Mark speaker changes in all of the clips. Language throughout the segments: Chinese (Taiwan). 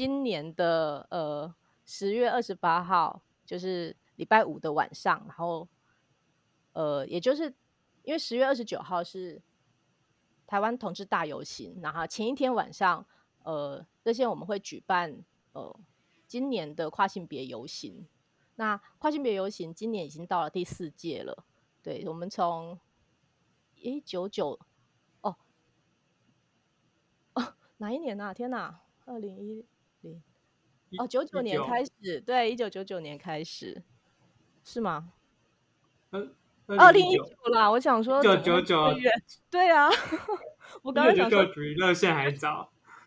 Speaker 1: 今年的呃十月二十八號，就是禮拜五的晚上，然後呃也就是因為十月二十九號是台灣同志大遊行，然後前一天晚上呃這些我們會舉辦呃今年的跨性別遊行。那跨性別遊行今年已經到了第四屆了，對，我們從一九九哦哦哪一年呢？啊，天哪，二零一。哦，九、oh, 九年開始，1999。對，一九九九年開始，是嗎？二零一九啦，我想說九九九，1999，對啊， 我剛
Speaker 2: 剛想說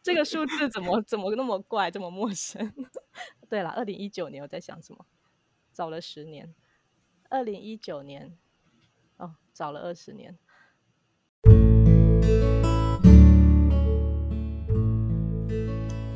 Speaker 1: 這個數字怎麼怎麼那麼怪，這麼陌生？ 對了，二零一九年我在想什麼？早了十年，二零一九年，哦，早了二十年。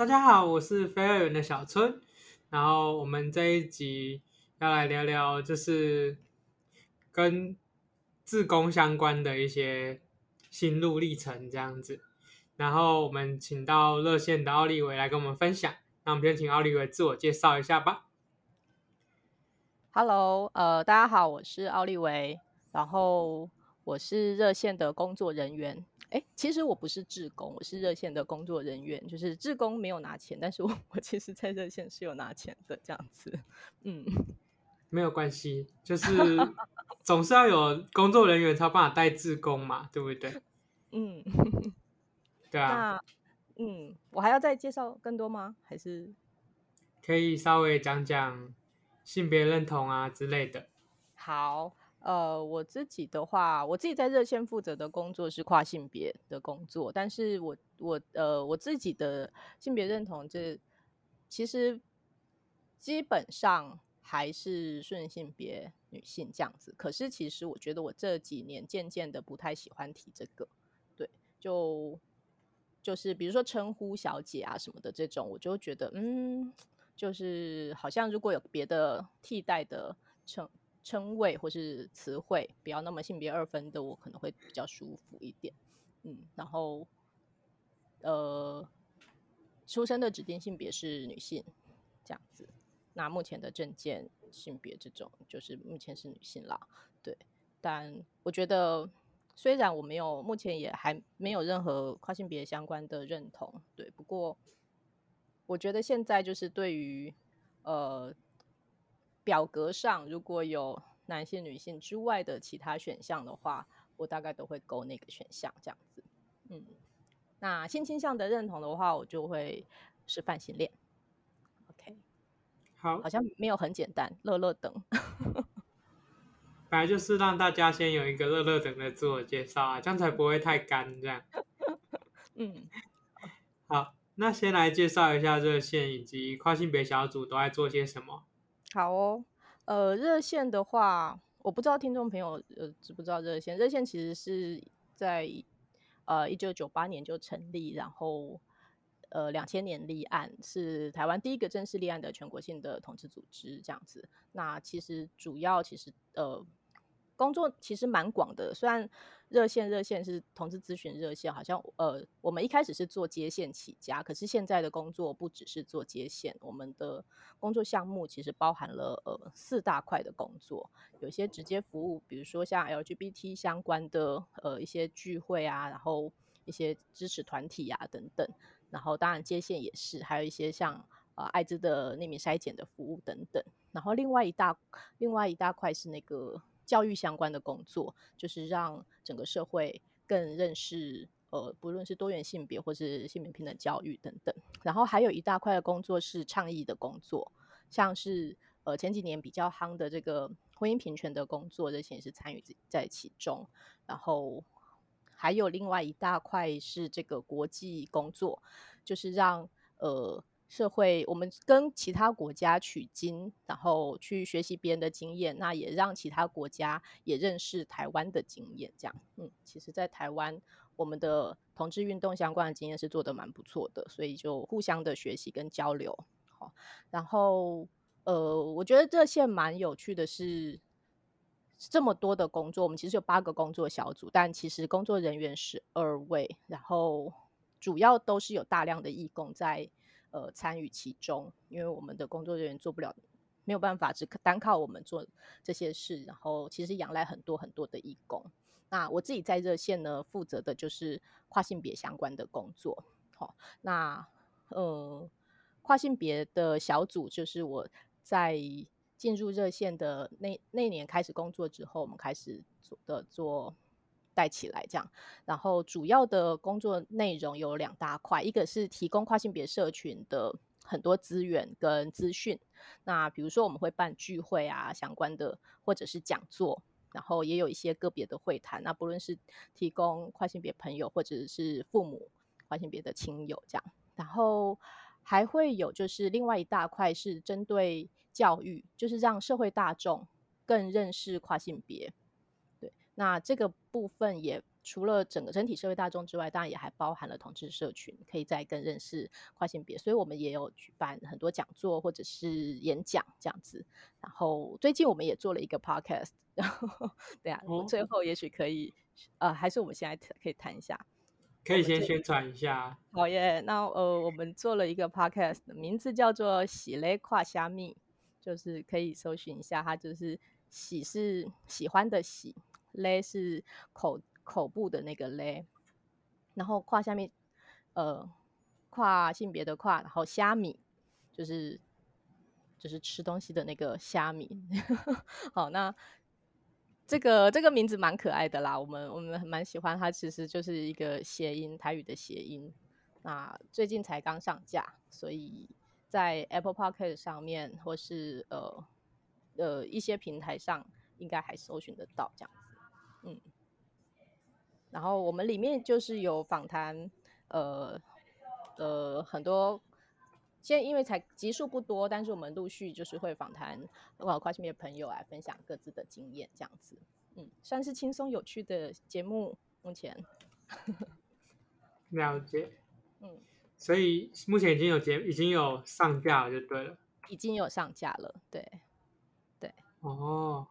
Speaker 2: 大家好，我是非二元的小春。然後我們這一集要來聊聊，就是跟志工相關的一些心路歷程這樣子。然後我們請到熱線的奧莉薇來跟我們分享。那我們先請奧莉薇自我介紹一下吧。
Speaker 1: Hello，呃，大家好，我是奧莉薇。然後我是熱線的工作人員。哎，其實我不是志工，我是熱線的工作人員。就是志工沒有拿錢，但是我我其實，在熱線是有拿錢的，這樣子，嗯，
Speaker 2: 沒有關係，就是總是要有工作人員才有辦法帶志工嘛，對不對？嗯，
Speaker 1: 對啊。那，嗯，我還要再介紹更多嗎？還是
Speaker 2: 可以稍微講講性別認同啊之類的。
Speaker 1: 好。呃，我自己的話，我自己在熱線負責的工作是跨性別的工作，但是我我呃，我自己的性別認同，就是，這其實基本上還是順性別女性這樣子。可是其實我覺得我這幾年漸漸的不太喜歡提這個，對，就就是比如說稱呼小姐啊什麼的這種，我就覺得嗯，就是好像如果有別的替代的稱。稱謂或是詞彙，不要那麼性別二分的，我可能會比較舒服一點。嗯，然後，呃，出生的指定性別是女性，這樣子。那目前的證件性別這種，就是目前是女性啦。對，但我覺得，雖然我沒有，目前也還沒有任何跨性別相關的認同。對，不過，我覺得現在就是對於，呃。表格上如果有男性、女性之外的其他選項的話，我大概都會勾那個選項，這樣子。嗯，那性傾向的認同的話，我就會是泛性戀。OK，好，好像沒有很簡單。樂樂等，反
Speaker 2: 正就是讓大家先有一個樂樂等的自我介紹啊，這樣才不會太乾，這樣。 嗯，好，那先來介紹一下熱線以及跨性別小組都在做些什麼。
Speaker 1: 好哦，呃，熱線的話，我不知道聽眾朋友呃知不知道熱線。熱線其實是在呃一九九八年就成立，然後呃兩千年立案，是台灣第一個正式立案的全國性的同志組織這樣子。那其實主要其實呃。工作其實蠻廣的，雖然熱線熱線是同志諮詢熱線，好像呃，我們一開始是做接線起家，可是現在的工作不只是做接線，我們的工作項目其實包含了呃四大塊的工作，有些直接服務，比如說像 LGBT 相關的呃一些聚會啊，然後一些支持團體啊等等，然後當然接線也是，還有一些像呃艾滋的匿名篩檢的服務等等，然後另外一大另外一大塊是那個。教育相關的工作，就是讓整個社會更認識，呃，不論是多元性別或是性別平等教育等等。然後還有一大塊的工作是倡議的工作，像是呃前幾年比較夯的這個婚姻平權的工作，這些是參與在其中。然後還有另外一大塊是這個國際工作，就是讓呃。社會，我們跟其他國家取經，然後去學習別人的經驗，那也讓其他國家也認識台灣的經驗。這樣，嗯，其實，在台灣，我們的同志運動相關的經驗是做得蠻不錯的，所以就互相的學習跟交流。好，然後，呃，我覺得這些蠻有趣的是，這麼多的工作，我們其實有八個工作小組，但其實工作人員十二位，然後主要都是有大量的義工在。呃，參與其中，因為我們的工作人員做不了，沒有辦法，只單靠我們做這些事，然後其實仰賴很多很多的義工。那我自己在熱線呢，負責的就是跨性別相關的工作。好、哦，那呃，跨性別的小組就是我在進入熱線的那那年開始工作之後，我們開始做的做。帶起來這樣，然後主要的工作內容有兩大塊，一個是提供跨性別社群的很多資源跟資訊。那比如說我們會辦聚會啊相關的，或者是講座，然後也有一些個別的會談。那不論是提供跨性別朋友或者是父母、跨性別的親友這樣，然後還會有就是另外一大塊是針對教育，就是讓社會大眾更認識跨性別。那這個部分也除了整個整體社會大眾之外，當然也還包含了同志社群，可以再更認識跨性別。所以我們也有舉辦很多講座或者是演講這樣子。然後最近我們也做了一個 podcast 呵呵。對啊、哦，最後也許可以，呃，還是我們現在可以談一下，
Speaker 2: 可以先宣傳一下。
Speaker 1: 好耶，oh、yeah, 那呃、okay. 呃，我們做了一個 podcast，名字叫做“喜咧跨蝦米”，就是可以搜尋一下，它就是“喜”是喜歡的“喜”。咧是口口部的那個咧，然後跨下面，呃，跨性別的跨，然後蝦米就是就是吃東西的那個蝦米。 好，那這個這個名字蠻可愛的啦，我們我們蠻喜歡它，其實就是一個諧音台語的諧音。那最近才剛上架，所以在 Apple Podcast 上面或是呃呃一些平台上應該還搜尋得到這樣。嗯，然後我們裡面就是有訪談，呃呃，很多。現在因為才集數不多，但是我們陸續就是會訪談包括跨性別的朋友來分享各自的經驗，這樣子，嗯，算是輕鬆有趣的節目。目前，
Speaker 2: 了解，
Speaker 1: 嗯，
Speaker 2: 所以目前已經有節已經有上架了，就對了，
Speaker 1: 已經有上架了，對，對，哦。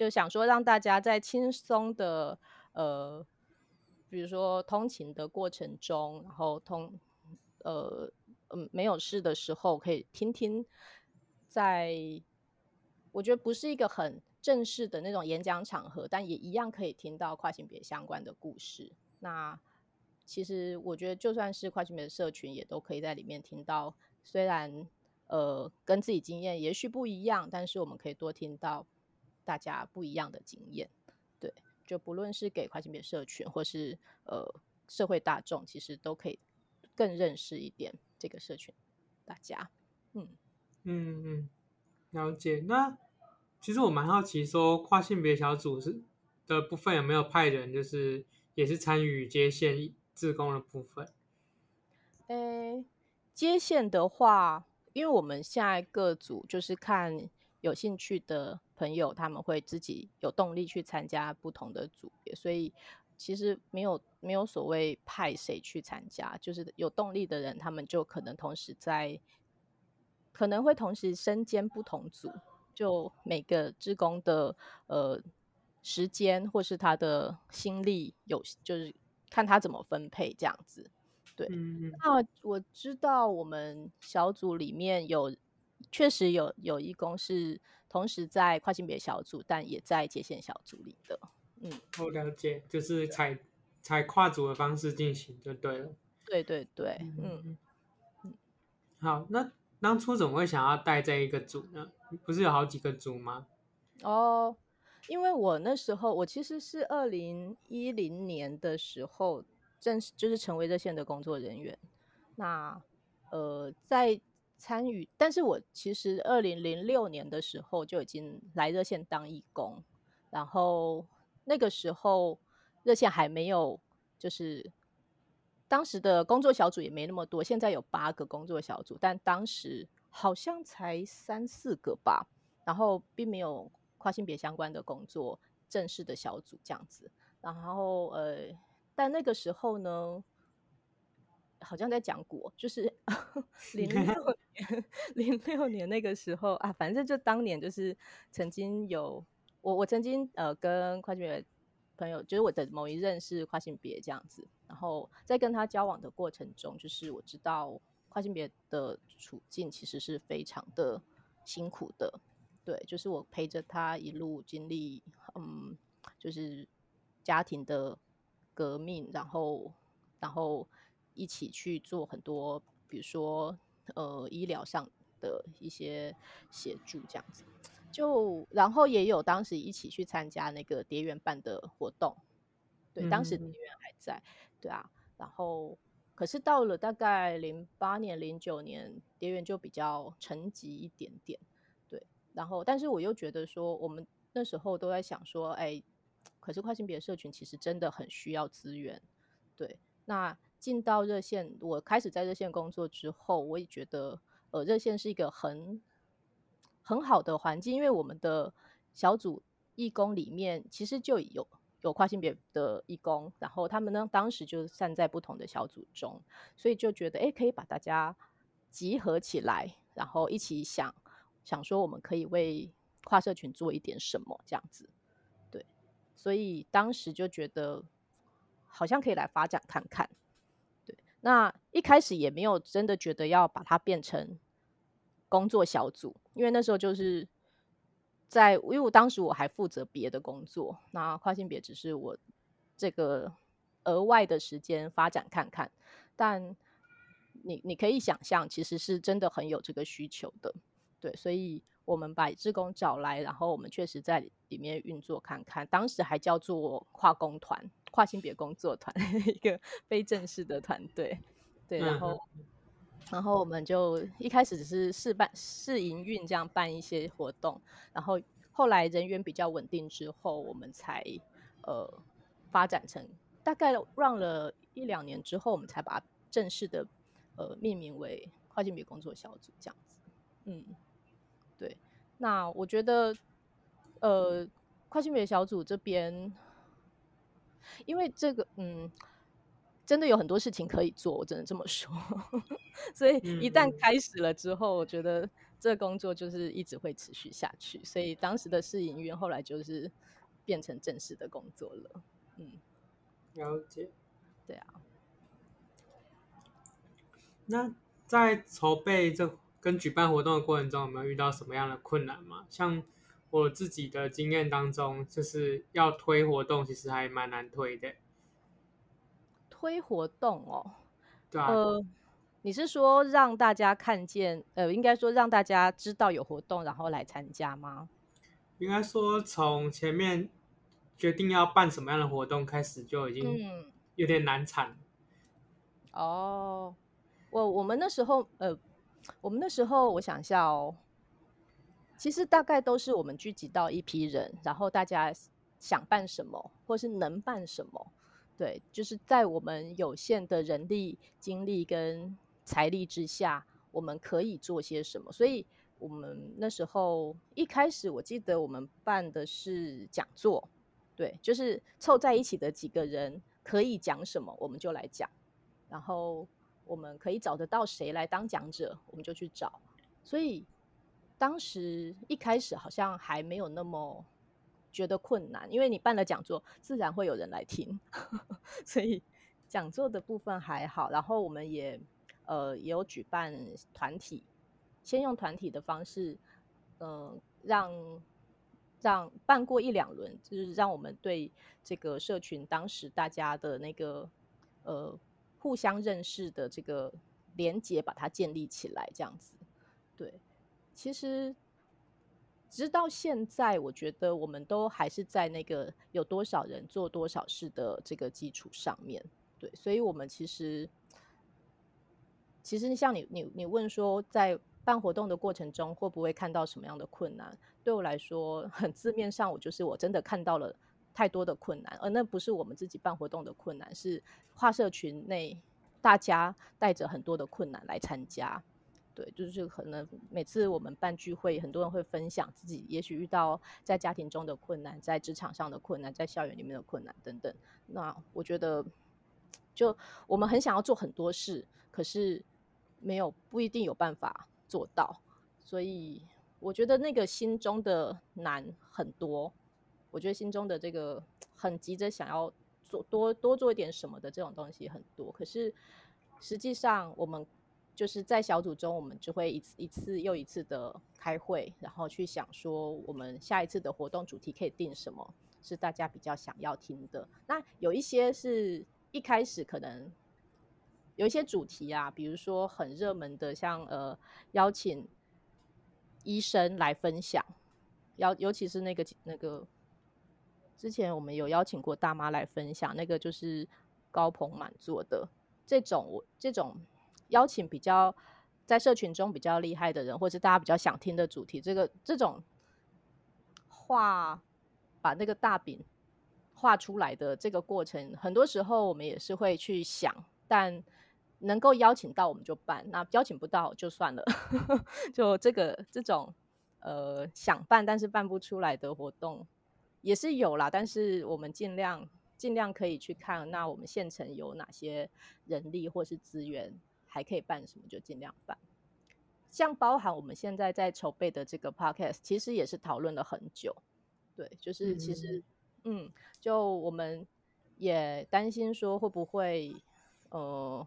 Speaker 1: 就想說，讓大家在輕鬆的，呃，比如說通勤的過程中，然後通，呃，嗯，沒有事的時候，可以聽聽在，在我覺得不是一個很正式的那種演講場合，但也一樣可以聽到跨性別相關的故事。那其實我覺得，就算是跨性別的社群，也都可以在裡面聽到。雖然呃，跟自己經驗也許不一樣，但是我們可以多聽到。大家不一樣的經驗，對，就不論是給跨性別社群，或是呃社會大眾，其實都可以更認識一點這個社群。大家，嗯
Speaker 2: 嗯嗯，了解。那其實我蠻好奇說，說跨性別小組是的部分有沒有派人，就是也是參與接線志工的部分？
Speaker 1: 呃、欸，接線的話，因為我們現在各組就是看。有興趣的朋友，他們會自己有動力去參加不同的組別，所以其實沒有沒有所謂派誰去參加，就是有動力的人，他們就可能同時在，可能會同時身兼不同組，就每個職工的呃時間或是他的心力有，就是看他怎麼分配這樣子。對，嗯、那我知道我們小組裡面有。確實有有義工，是同時在跨性別小組，但也在接線小組裡的。嗯，
Speaker 2: 我了解，就是采採跨組的方式進行，就對了。
Speaker 1: 對對對，嗯嗯
Speaker 2: 嗯。好，那當初怎麼會想要帶這一個組呢？不是有好幾個組嗎？
Speaker 1: 哦，因為我那時候我其實是二零一零年的時候正式就是成為熱線的工作人員。那呃，在參與，但是我其實二零零六年的時候就已經來熱線當義工，然後那個時候熱線還沒有，就是當時的工作小組也沒那麼多，現在有八個工作小組，但當時好像才三四個吧，然後並沒有跨性別相關的工作正式的小組這樣子，然後呃，但那個時候呢，好像在講過，就是零六年零六年那個時候啊，反正就當年就是曾經有我，我曾經呃跟跨性別朋友，就是我的某一任是跨性別這樣子。然後在跟他交往的過程中，就是我知道跨性別的處境其實是非常的辛苦的。對，就是我陪着他一路經歷，嗯，就是家庭的革命，然後，然後。一起去做很多，比如說呃醫療上的一些協助，這樣子。就然後也有當時一起去參加那個蝶園辦的活動，對，嗯、當時蝶園還在，對啊。然後可是到了大概零八年、零九年，蝶園就比較沉寂一點點。對，然後但是我又覺得說，我們那時候都在想說，哎，可是跨性別社群其實真的很需要資源，對，那。進到熱線，我開始在熱線工作之後，我也覺得，呃，熱線是一個很很好的環境，因為我們的小組義工裡面其實就有有跨性別的義工，然後他們呢，當時就散在不同的小組中，所以就覺得，哎，可以把大家集合起來，然後一起想想說，我們可以為跨社群做一點什麼，這樣子，對，所以當時就覺得好像可以來發展看看。那一開始也沒有真的覺得要把它變成工作小組，因為那時候就是在，因為我當時我還負責別的工作，那跨性別只是我這個額外的時間發展看看。但你你可以想象，其實是真的很有這個需求的，對，所以。我們把志工找來，然後我們確實在裡面運作看看。當時還叫做跨工團、跨性別工作團，一個非正式的團隊。對，嗯、對然後，然後我們就一開始只是試辦、試營運，這樣辦一些活動。然後後來人員比較穩定之後，我們才呃發展成大概 run 了一兩年之後，我們才把正式的呃命名為跨性別工作小組這樣子。嗯。對，那我覺得，呃，跨性別小組這邊，因為這個，嗯，真的有很多事情可以做，我只能這麼說。 所以一旦開始了之後嗯嗯，我覺得這工作就是一直會持續下去。所以當時的試營運後來就是變成正式的工作了。嗯，了解。對啊，那
Speaker 2: 在籌備這。跟舉辦活動的過程中，有沒有遇到什麼樣的困難嗎？像我自己的經驗當中，就是要推活動，其實還蠻難推的。
Speaker 1: 推活動哦，
Speaker 2: 對啊、呃對，
Speaker 1: 你是說讓大家看見，呃，應該說讓大家知道有活動，然後來參加嗎？
Speaker 2: 應該說從前面決定要辦什麼樣的活動開始，就已經有點難產、嗯。
Speaker 1: 哦，我我們那時候，呃。我們那時候，我想一下哦。其實大概都是我們聚集到一批人，然後大家想辦什麼，或是能辦什麼，對，就是在我們有限的人力、精力跟財力之下，我們可以做些什麼。所以我們那時候一開始，我記得我們辦的是講座，對，就是湊在一起的幾個人可以講什麼，我們就來講，然後。我們可以找得到誰來當講者，我們就去找。所以當時一開始好像還沒有那麼覺得困難，因為你辦了講座，自然會有人來聽。 所以講座的部分還好，然後我們也呃也有舉辦團體，先用團體的方式，嗯、呃，讓讓辦過一兩輪，就是讓我們對這個社群當時大家的那個呃。互相認識的這個連結，把它建立起來，這樣子，對。其實直到現在，我覺得我們都還是在那個有多少人做多少事的這個基礎上面，對。所以，我們其實其實像你，你你問說，在辦活動的過程中，會不會看到什麼樣的困難？對我來說，很字面上，我就是我真的看到了。太多的困難，而那不是我們自己辦活動的困難，是跨社群內大家帶着很多的困難來參加。對，就是可能每次我們辦聚會，很多人會分享自己也許遇到在家庭中的困難，在職場上的困難，在校園裡面的困難等等。那我覺得，就我們很想要做很多事，可是沒有，不一定有辦法做到。所以我覺得那個心中的難很多。我覺得心中的這個很急着想要做多多做一點什麼的這種東西很多，可是實際上我們就是在小組中，我們就會一次一次又一次的開會，然後去想說我們下一次的活動主題可以定什麼，是大家比較想要聽的。那有一些是一開始可能有一些主題啊，比如說很熱門的，像呃邀請醫生來分享，邀尤其是那個那個。之前我們有邀請過大媽來分享，那個就是高朋滿座的這種。我這種邀請比較在社群中比較厲害的人，或者是大家比較想聽的主題，這個這種畫把那個大餅畫出來的這個過程，很多時候我們也是會去想，但能夠邀請到我們就辦，那邀請不到就算了。 就這個這種呃想辦但是辦不出來的活動。也是有啦，但是我們盡量盡量可以去看，那我們現成有哪些人力或是資源，還可以辦什麼就盡量辦。像包含我們現在在籌備的這個 Podcast，其實也是討論了很久。對，就是其實，嗯，嗯就我們也擔心說會不會，呃，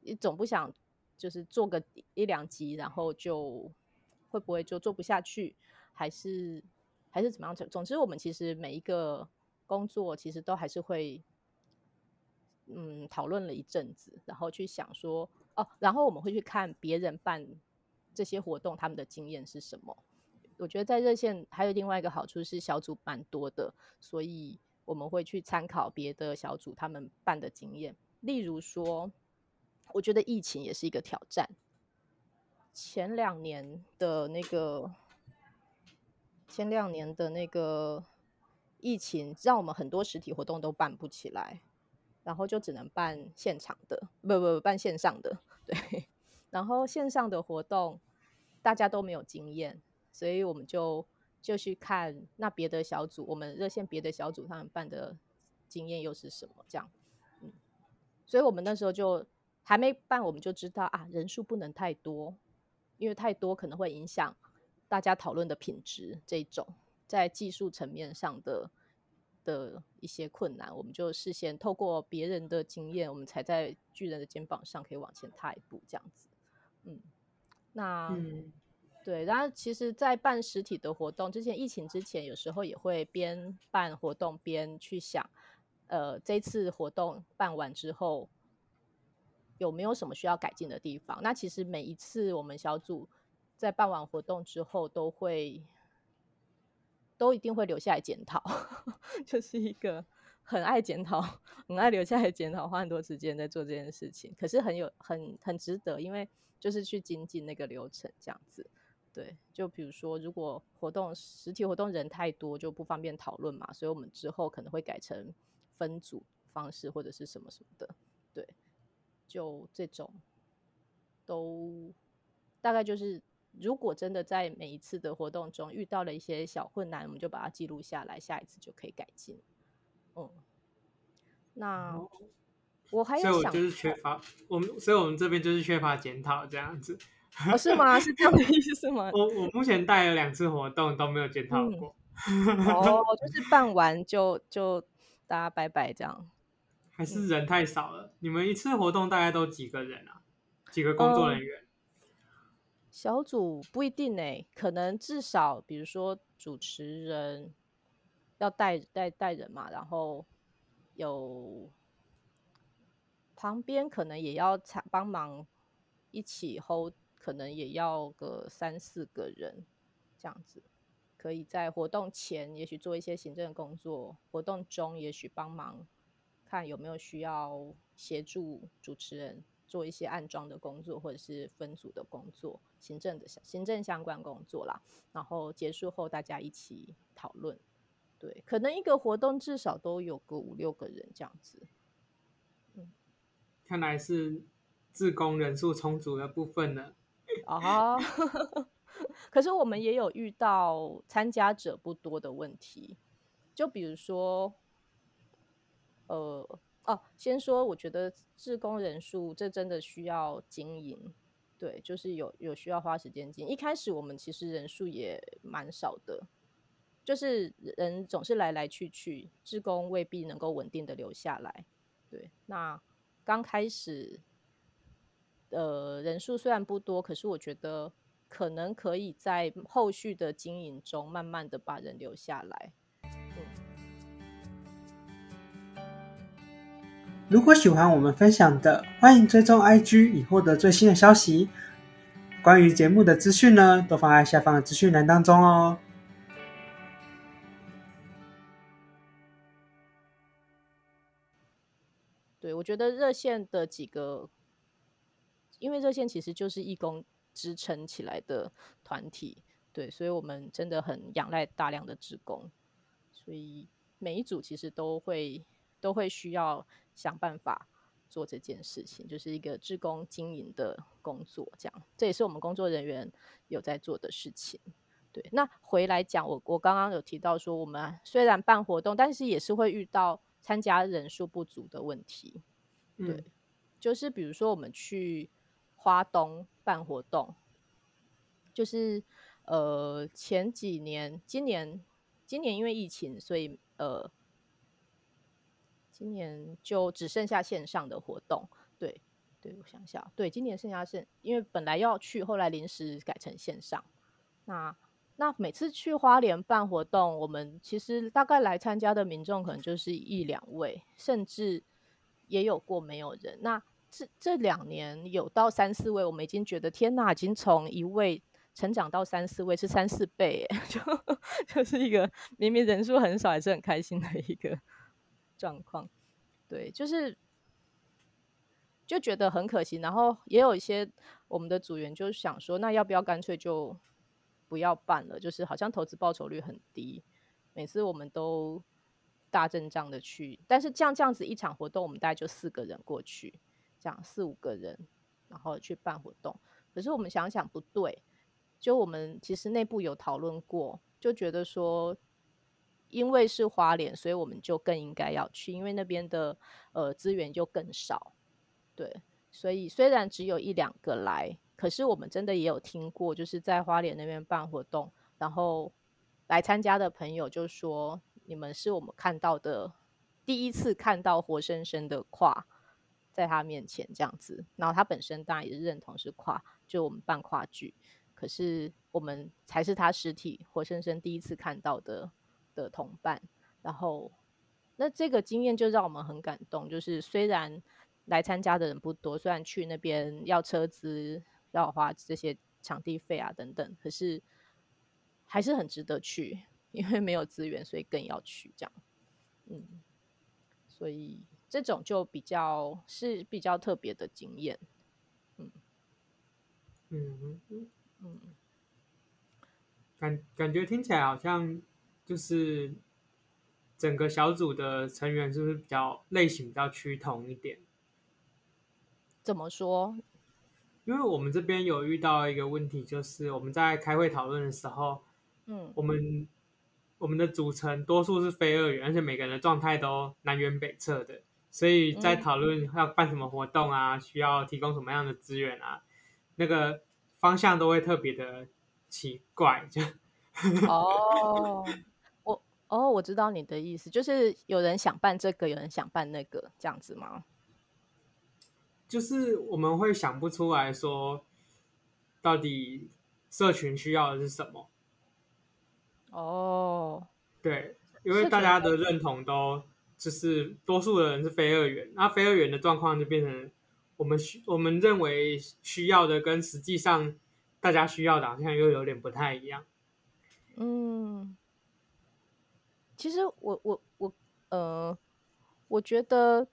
Speaker 1: 你總不想就是做個一兩集，然後就會不會就做不下去，還是？還是怎麼樣？總之，我們其實每一個工作其實都還是會，嗯，討論了一陣子，然後去想說哦，然後我們會去看別人辦這些活動，他們的經驗是什麼？我覺得在熱線還有另外一個好處是小組蠻多的，所以我們會去參考別的小組他們辦的經驗。例如說，我覺得疫情也是一個挑戰，前兩年的那個。前兩年的那個疫情，讓我們很多實體活動都辦不起來，然後就只能辦現場的，不不不，辦線上的。對，然後線上的活動大家都沒有經驗，所以我們就就去看那別的小組，我們熱線別的小組他們辦的經驗又是什麼？這樣，嗯，所以我們那時候就還沒辦，我們就知道啊，人數不能太多，因為太多可能會影響。大家討論的品質，這種在技術層面上的的一些困難，我們就事先透過別人的經驗，我們才在巨人的肩膀上可以往前踏一步，這樣子。嗯，那嗯對，然後其實，在辦實體的活動之前，疫情之前，有時候也會邊辦活動邊去想，呃，這次活動辦完之後有沒有什麼需要改進的地方？那其實每一次我們小組。在辦完活動之後，都會都一定會留下來檢討， 就是一個很愛檢討、很愛留下來檢討，花很多時間在做這件事情，可是很有很很值得，因為就是去精進那個流程這樣子。對，就比如說，如果活動實體活動人太多，就不方便討論嘛，所以我們之後可能會改成分組方式或者是什麼什麼的。對，就這種都大概就是。如果真的在每一次的活動中遇到了一些小困難，我們就把它記錄下來，下一次就可以改進。嗯，那、哦、我還有想，就是
Speaker 2: 缺乏我們，所以我們這邊就是缺乏檢討這樣子。
Speaker 1: 哦，是嗎？是這樣的意思嗎？我我目前
Speaker 2: 帶了兩次活動都沒有檢討過、嗯。
Speaker 1: 哦，就是辦完就就大家拜拜這樣。
Speaker 2: 還是人太少了？你們一次活動大概都幾個人啊？幾個工作人員？嗯
Speaker 1: 小組不一定誒、欸，可能至少，比如說主持人要帶帶帶人嘛，然後有旁邊可能也要採幫忙一起 hold，可能也要個三四個人這樣子，可以在活動前也許做一些行政工作，活動中也許幫忙，看有沒有需要協助主持人。做一些安裝的工作，或者是分組的工作、行政的行政相關工作啦。然後結束後大家一起討論，對，可能一個活動至少都有個五六個人這樣子。
Speaker 2: 嗯，看來是志工人數充足的部分呢？
Speaker 1: 啊、uh -huh.， 可是我們也有遇到參加者不多的問題，就比如說，呃。哦，先說，我覺得志工人數這真的需要經營，對，就是有有需要花時間經營。一開始我們其實人數也蠻少的，就是人總是來來去去，志工未必能夠穩定的留下來。對，那剛開始，呃，人數雖然不多，可是我覺得可能可以在後續的經營中慢慢的把人留下來。
Speaker 2: 如果喜歡我們分享的，歡迎追蹤 IG 以獲得最新的消息。關於節目的資訊呢，都放在下方的資訊欄當中哦。
Speaker 1: 對，我覺得熱線的幾個，因為熱線其實就是義工支撐起來的團體，對，所以我們真的很仰賴大量的職工，所以每一組其實都會都會需要。想辦法做這件事情，就是一個志工經營的工作，這樣這也是我們工作人員有在做的事情。對，那回來講，我我剛剛有提到說，我們雖然辦活動，但是也是會遇到參加人數不足的問題。對，嗯、就是比如說我們去花東辦活動，就是呃前幾年，今年、今年因為疫情，所以呃。今年就只剩下線上的活動，對對，我想想，對，今年剩下線，因為本來要去，後來臨時改成線上。那那每次去花蓮辦活動，我們其實大概來參加的民眾可能就是一兩位，甚至也有過沒有人。那這這兩年有到三四位，我們已經覺得天哪，已經從一位成長到三四位，是三四倍欸，就就是一個明明人數很少，還是很開心的一個，狀況，對，就是就覺得很可惜。然後也有一些我們的組員就想說，那要不要乾脆就不要辦了？就是好像投資報酬率很低，每次我們都大陣仗的去，但是這樣這樣子一場活動，我們大概就四個人過去，這樣四五個人然後去辦活動。可是我們想想不對，就我們其實內部有討論過，就覺得說。因為是花蓮，所以我們就更應該要去，因為那邊的呃資源就更少，對，所以雖然只有一兩個來，可是我們真的也有聽過，就是在花蓮那邊辦活動，然後來參加的朋友就說，你們是我們看到的第一次看到活生生的跨在他面前這樣子，然後他本身當然也是認同是跨，就我們辦跨劇，可是我們才是他實體活生生第一次看到的的同伴，然後那這個經驗就讓我們很感動。就是雖然來參加的人不多，雖然去那邊要車資、要花這些場地費啊等等，可是還是很值得去，因為沒有資源，所以更要去。這樣，嗯，所以這種就比較是比較特別的經驗。嗯嗯嗯
Speaker 2: 嗯，感感覺聽起來好像。就是整個小組的成員就是，是比較類型比較趨同一點，
Speaker 1: 怎麼說？
Speaker 2: 因為我們這邊有遇到一個問題，就是我們在開會討論的時候，嗯，
Speaker 1: 我們、嗯、
Speaker 2: 我們的組成多數是非二元，而且每個人的狀態都南轅北轍的，所以在討論要辦什麼活動啊、嗯，需要提供什麼樣的資源啊，那個方向都會特別的奇怪，就哦。
Speaker 1: 我知道你的意思，就是有人想辦這個，有人想辦那個，這樣子嗎？
Speaker 2: 就是我們會想不出來，說到底社群需要的是什麼？
Speaker 1: 哦，對，因為大家的
Speaker 2: 認同都就是多數的人是非二元，那非二元的狀況就變成我們需我們認為需要的，跟實際上大家需要的，好像又有點不太一樣。
Speaker 1: 嗯。其實我我我，嗯、呃，我覺得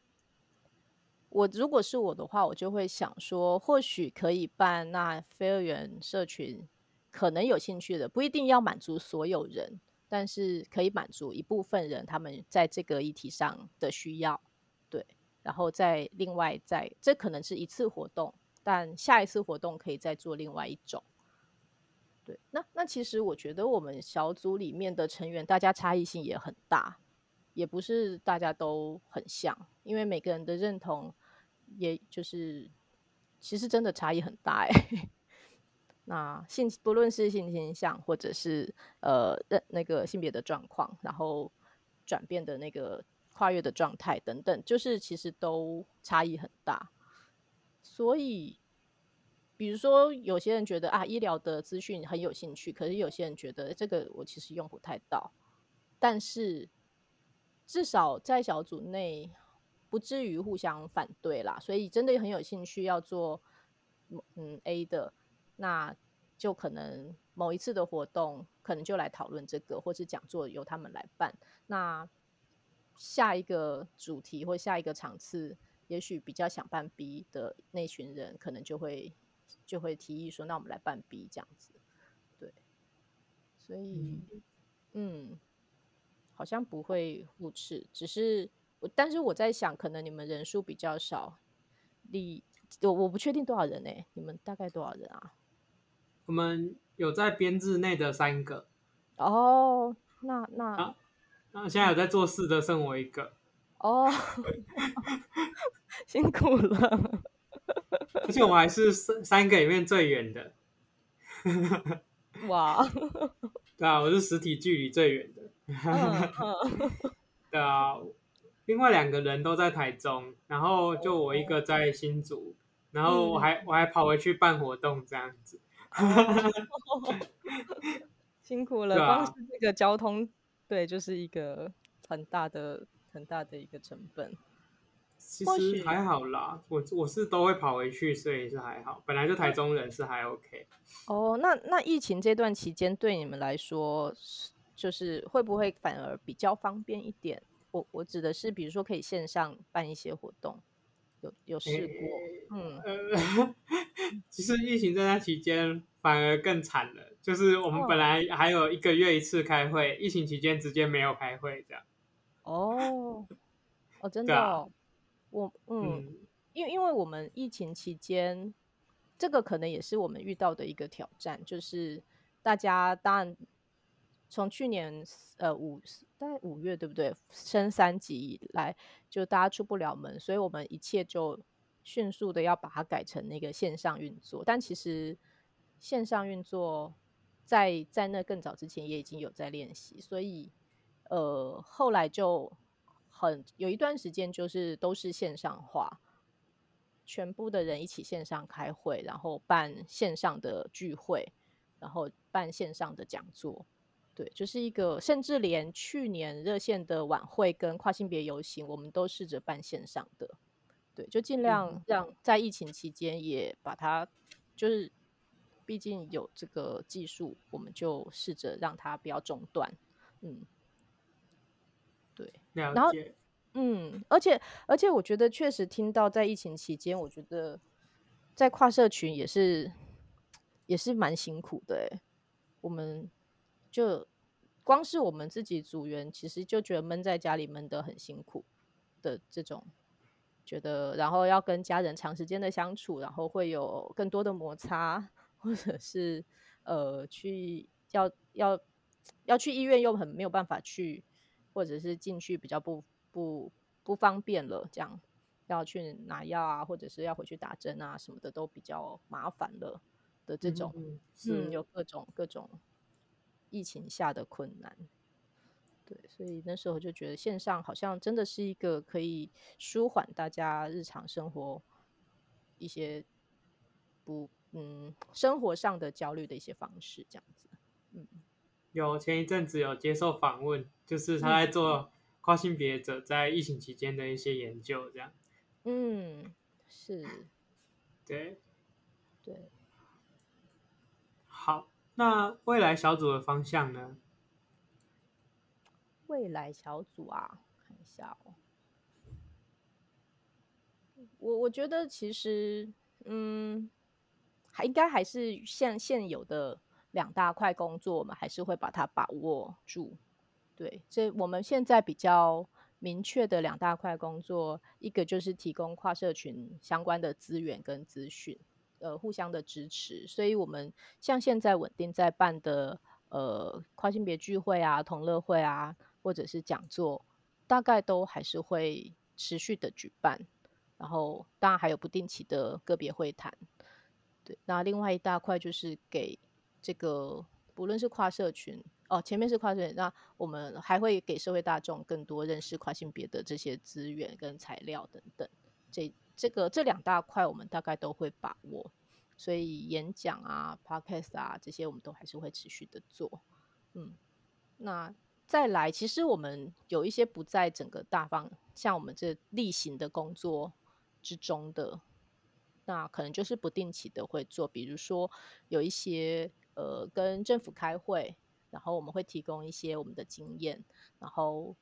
Speaker 1: 我如果是我的話，我就會想說，或許可以辦那非二元社群，可能有興趣的不一定要滿足所有人，但是可以滿足一部分人他們在這個議題上的需要，對。然後再另外在，這可能是一次活動，但下一次活動可以再做另外一種。對，那那其實我覺得我們小組裡面的成員，大家差異性也很大，也不是大家都很像，因為每個人的認同，也就是其實真的差異很大哎、欸。 那性不論是性傾向或者是呃認那個性別的狀況，然後轉變的那個跨越的狀態等等，就是其實都差異很大，所以。比如說，有些人覺得啊，醫療的資訊很有興趣，可是有些人覺得這個我其實用不太到，但是至少在小組內不至於互相反對啦。所以真的很有興趣要做嗯 A 的，那就可能某一次的活動可能就來討論這個，或是講座由他們來辦。那下一個主題或下一個場次，也許比較想辦 B 的那群人，可能就會。就會提議說，那我們來辦 B 這樣子，對，所以嗯，嗯，好像不會互斥，只是我，但是我在想，可能你們人數比較少，你我我不確定多少人哎、欸，你們大概多少人啊？
Speaker 2: 我們有在編制內的三個，
Speaker 1: 哦，那那、啊、那現在有在
Speaker 2: 做事的剩我一個，
Speaker 1: 哦， 辛苦了。
Speaker 2: 而且我還是三三個裡面最遠的，
Speaker 1: 哇！
Speaker 2: 對啊，我是實體距離最遠的、
Speaker 1: 嗯
Speaker 2: 嗯。對啊，另外兩個人都在台中，然後就我一個在新竹，哦、然後我還我還跑回去辦活動這樣子，
Speaker 1: 辛苦了、對啊。光是那個交通，對，就是一個很大的很大的一個成本。其實還好啦，
Speaker 2: 我我是都會跑回去，所以是還好。本來就台中人是還 OK。
Speaker 1: 嗯、哦，那那疫情這段期間對你們來說是就是會不會反而比較方便一點？我我指的是，比如說可以線上辦一些活動，有有試過？
Speaker 2: 欸、嗯、呃，其實疫情這段期間反而更慘了，就是我們本來還有一個月一次開會，哦、疫情期間直接沒有開會這樣。
Speaker 1: 哦，哦，真的、哦。 我嗯，因因為我們疫情期間，這個可能也是我們遇到的一個挑戰，就是大家當然從去年呃五大概五月對不對，升三級以來，就大家出不了門，所以我們一切就迅速的要把它改成那個線上運作。但其實線上運作在在那更早之前也已經有在練習，所以呃後來就。很有一段時間，就是都是線上化，全部的人一起線上開會，然後辦線上的聚會，然後辦線上的講座，對，就是一個，甚至連去年熱線的晚會跟跨性別遊行，我們都試着辦線上的，對，就盡量讓在疫情期間也把它，就是，畢竟有這個技術，我們就試着讓它不要中斷，嗯。對，然後，嗯，而且而且，我覺得確實聽到在疫情期間，我覺得在跨社群也是也是蠻辛苦的欸。我們就光是我們自己組員，其實就覺得悶在家裡悶得很辛苦的這種覺得，然後要跟家人長時間的相處，然後會有更多的摩擦，或者是呃，去要要要去醫院又很沒有辦法去。或者是進去比較不不不方便了，這樣要去拿藥啊，或者是要回去打針啊什麼的，都比較麻煩了的這種，嗯，嗯，有各種各種疫情下的困難，對，所以那時候就覺得線上好像真的是一個可以舒緩大家日常生活一些不，嗯，生活上的焦慮的一些方式，這樣子，嗯。
Speaker 2: 有前一陣子有接受訪問，就是他在做跨性別者在疫情期間的一些研究，這樣。
Speaker 1: 嗯，是，
Speaker 2: 對，
Speaker 1: 對，
Speaker 2: 好。
Speaker 1: 那未來
Speaker 2: 小組的方向呢？
Speaker 1: 未來小組啊，看一下哦。我我覺得其實，嗯，還應該還是像現,現有的。兩大塊工作，我們還是會把它把握住。對，所以我們現在比較明確的兩大塊工作，一個就是提供跨社群相關的資源跟資訊，呃，互相的支持。所以，我們像現在穩定在辦的呃跨性別聚會啊、同樂會啊，或者是講座，大概都還是會持續的舉辦。然後，當然還有不定期的個別會談。對，那另外一大塊就是給。這個不論是跨社群哦，前面是跨社群，那我們還會給社會大眾更多認識跨性別的這些資源跟材料等等，這這個這兩大塊我們大概都會把握，所以演講啊、啊 podcast 啊，這些我們都還是會持續的做，嗯，那再來，其實我們有一些不在整個大方像我們這例行的工作之中的，那可能就是不定期的會做，比如說有一些。呃，跟政府開會，然後我們會提供一些我們的經驗，然後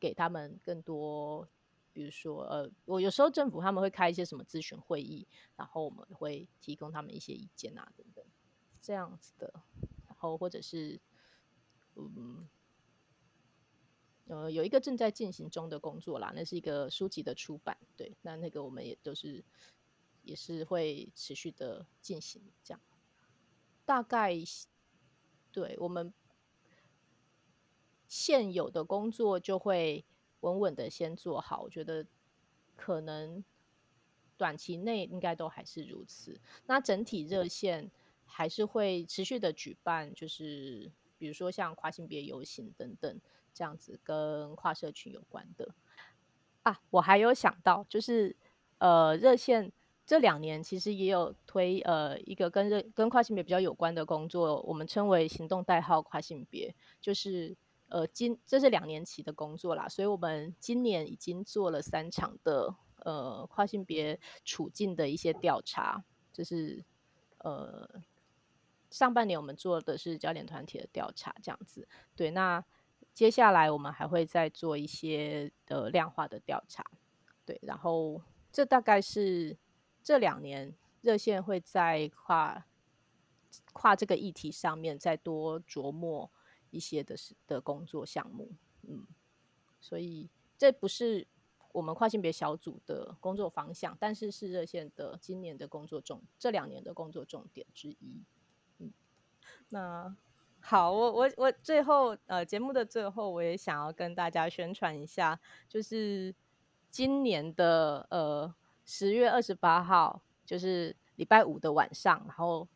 Speaker 1: 給他們更多，比如說，呃，我有時候政府他們會開一些什麼諮詢會議，然後我們會提供他們一些意見啊，等等，這樣子的，然後或者是，嗯，呃，有一個正在進行中的工作啦，那是一個書籍的出版，對，那那個我們也都是，也是會持續的進行這樣。大概，對我們現有的工作就會穩穩的先做好。我覺得可能短期內應該都還是如此。那整體熱線還是會持續的舉辦，就是比如說像跨性別遊行等等這樣子跟跨社群有關的啊。我還有想到，就是呃，熱線。這兩年其實也有推呃，一個跟跟跨性別比較有關的工作，我們稱為行動代號跨性別，就是呃，今這是兩年期的工作啦，所以我們今年已經做了三場的呃跨性別處境的一些調查，就是呃，上半年我們做的是焦點團體的調查，這樣子，對，那接下來我們還會再做一些呃量化的調查，對，然後這大概是。這兩年，熱線會在跨跨這個議題上面再多琢磨一些的是的工作項目，嗯，所以這不是我們跨性別小組的工作方向，但是是熱線的今年的工作重，這兩年的工作重點之一，嗯。那好，我我我最後呃，節目的最後，我也想要跟大家宣傳一下，就是今年的呃。十月二十八號就是禮拜五的晚上，然後，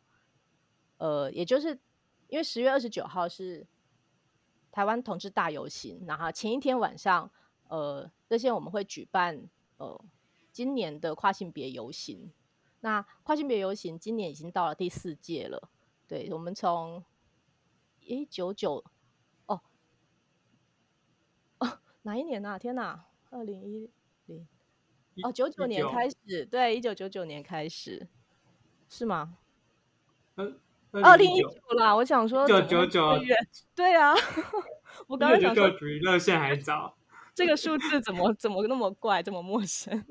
Speaker 1: 呃，也就是因為十月二十九號是台灣同志大遊行，然後前一天晚上，呃，這些我們會舉辦呃今年的跨性別遊行。那跨性別遊行今年已經到了第四屆了，對，我們從，一九九，哦，哦，哪一年吶？啊？天哪，二零一零。哦，九九年開始，對，一九九九年開始，是嗎？嗯，二零一九啦，我想說九九九月，1999, 對啊， 我剛
Speaker 2: 剛想說1999、
Speaker 1: 啊、這個數字怎麼怎麼那麼怪， 這麼陌生？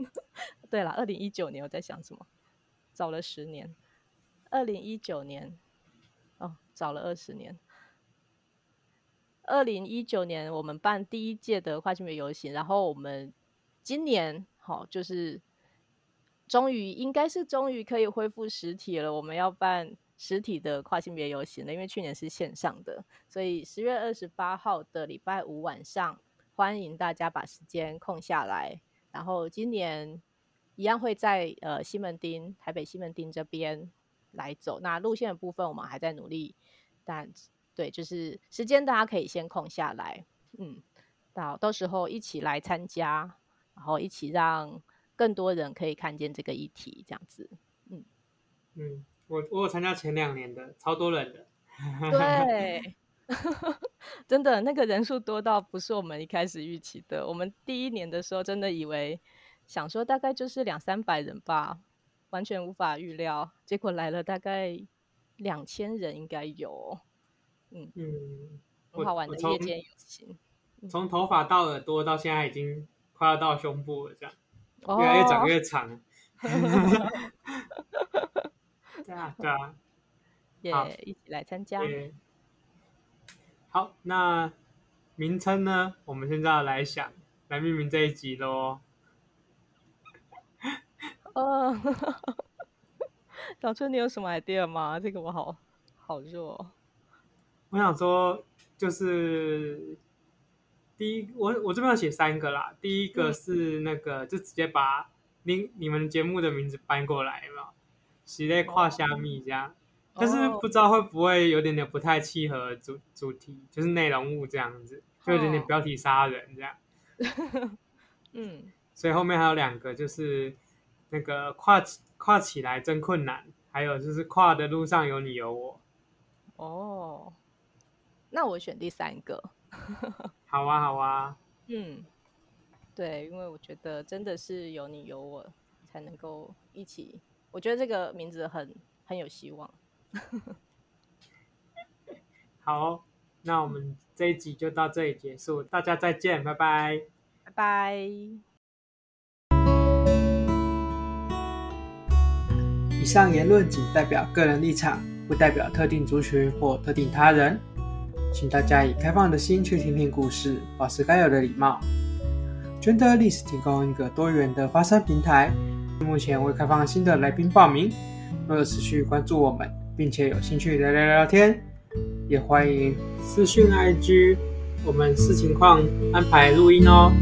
Speaker 1: 對了，二零一九年我在想什麼？早了十年，二零一九年，哦，早了二十年，二零一九年我們辦第一屆的跨性別遊行，然後我們今年。好、哦，就是終於應該是終於可以恢復實體了。我們要辦實體的跨性別遊行了，因為去年是線上的，所以十月二十八號的禮拜五晚上，歡迎大家把時間空下來。然後今年一樣會在呃西門町台北西門町這邊來走。那路線的部分我們還在努力，但對，就是時間大家可以先空下來，嗯，到到時候一起來參加。然後一起讓更多人可以看見這個議題，這樣子，嗯
Speaker 2: 嗯，我我有參加前兩年的，超多人的，對，
Speaker 1: 真的那個人數多到不是我們一開始預期的，我們第一年的時候真的以為想說大概就是兩三百人吧，完全無法預料，結果來了大概兩千人應該有，嗯
Speaker 2: 嗯，好玩的夜間
Speaker 1: 遊行，
Speaker 2: 從頭髮到耳朵到現在已經。快要到胸部了，這樣，oh. 越來越長越長。 對
Speaker 1: 啊，對啊，也、yeah, 一起來參加。Yeah.
Speaker 2: 好，那名稱呢？我們現在要來想，來命名這一集嘍。
Speaker 1: 啊，早春，你有什麼 idea 嗎？這個我好好弱。
Speaker 2: 我想說，就是。第一，我我這邊要寫三個啦。第一個是那個，嗯、就直接把你你們節目的名字搬過來嘛，喜咧跨蝦米這樣，但是不知道會不會有點點不太契合主、哦、主題，就是內容物這樣子，就有點點標題殺人這樣。哦、 嗯，所以後面還有兩個，就是那個跨起跨起來真困難，還有就是跨的路上有你有我。
Speaker 1: 哦，那我選第三個。 好啊，好啊。嗯，對，因為我覺得真的是有你有我，你才能夠一起。我覺得這個名字很很有希望。
Speaker 2: 好，那我們這一集就到這裡結束，大家再見，拜拜，拜拜。以上言論僅代表個人立場，不代表特定族群或特定他人。請大家以開放的心去聽聽故事，保持該有的禮貌。真的累死提供一個多元的發聲平台，目前未開放新的來賓報名。若有持續關注我們，並且有興趣聊聊聊天，也歡迎私訊 IG，我們視情況安排錄音哦。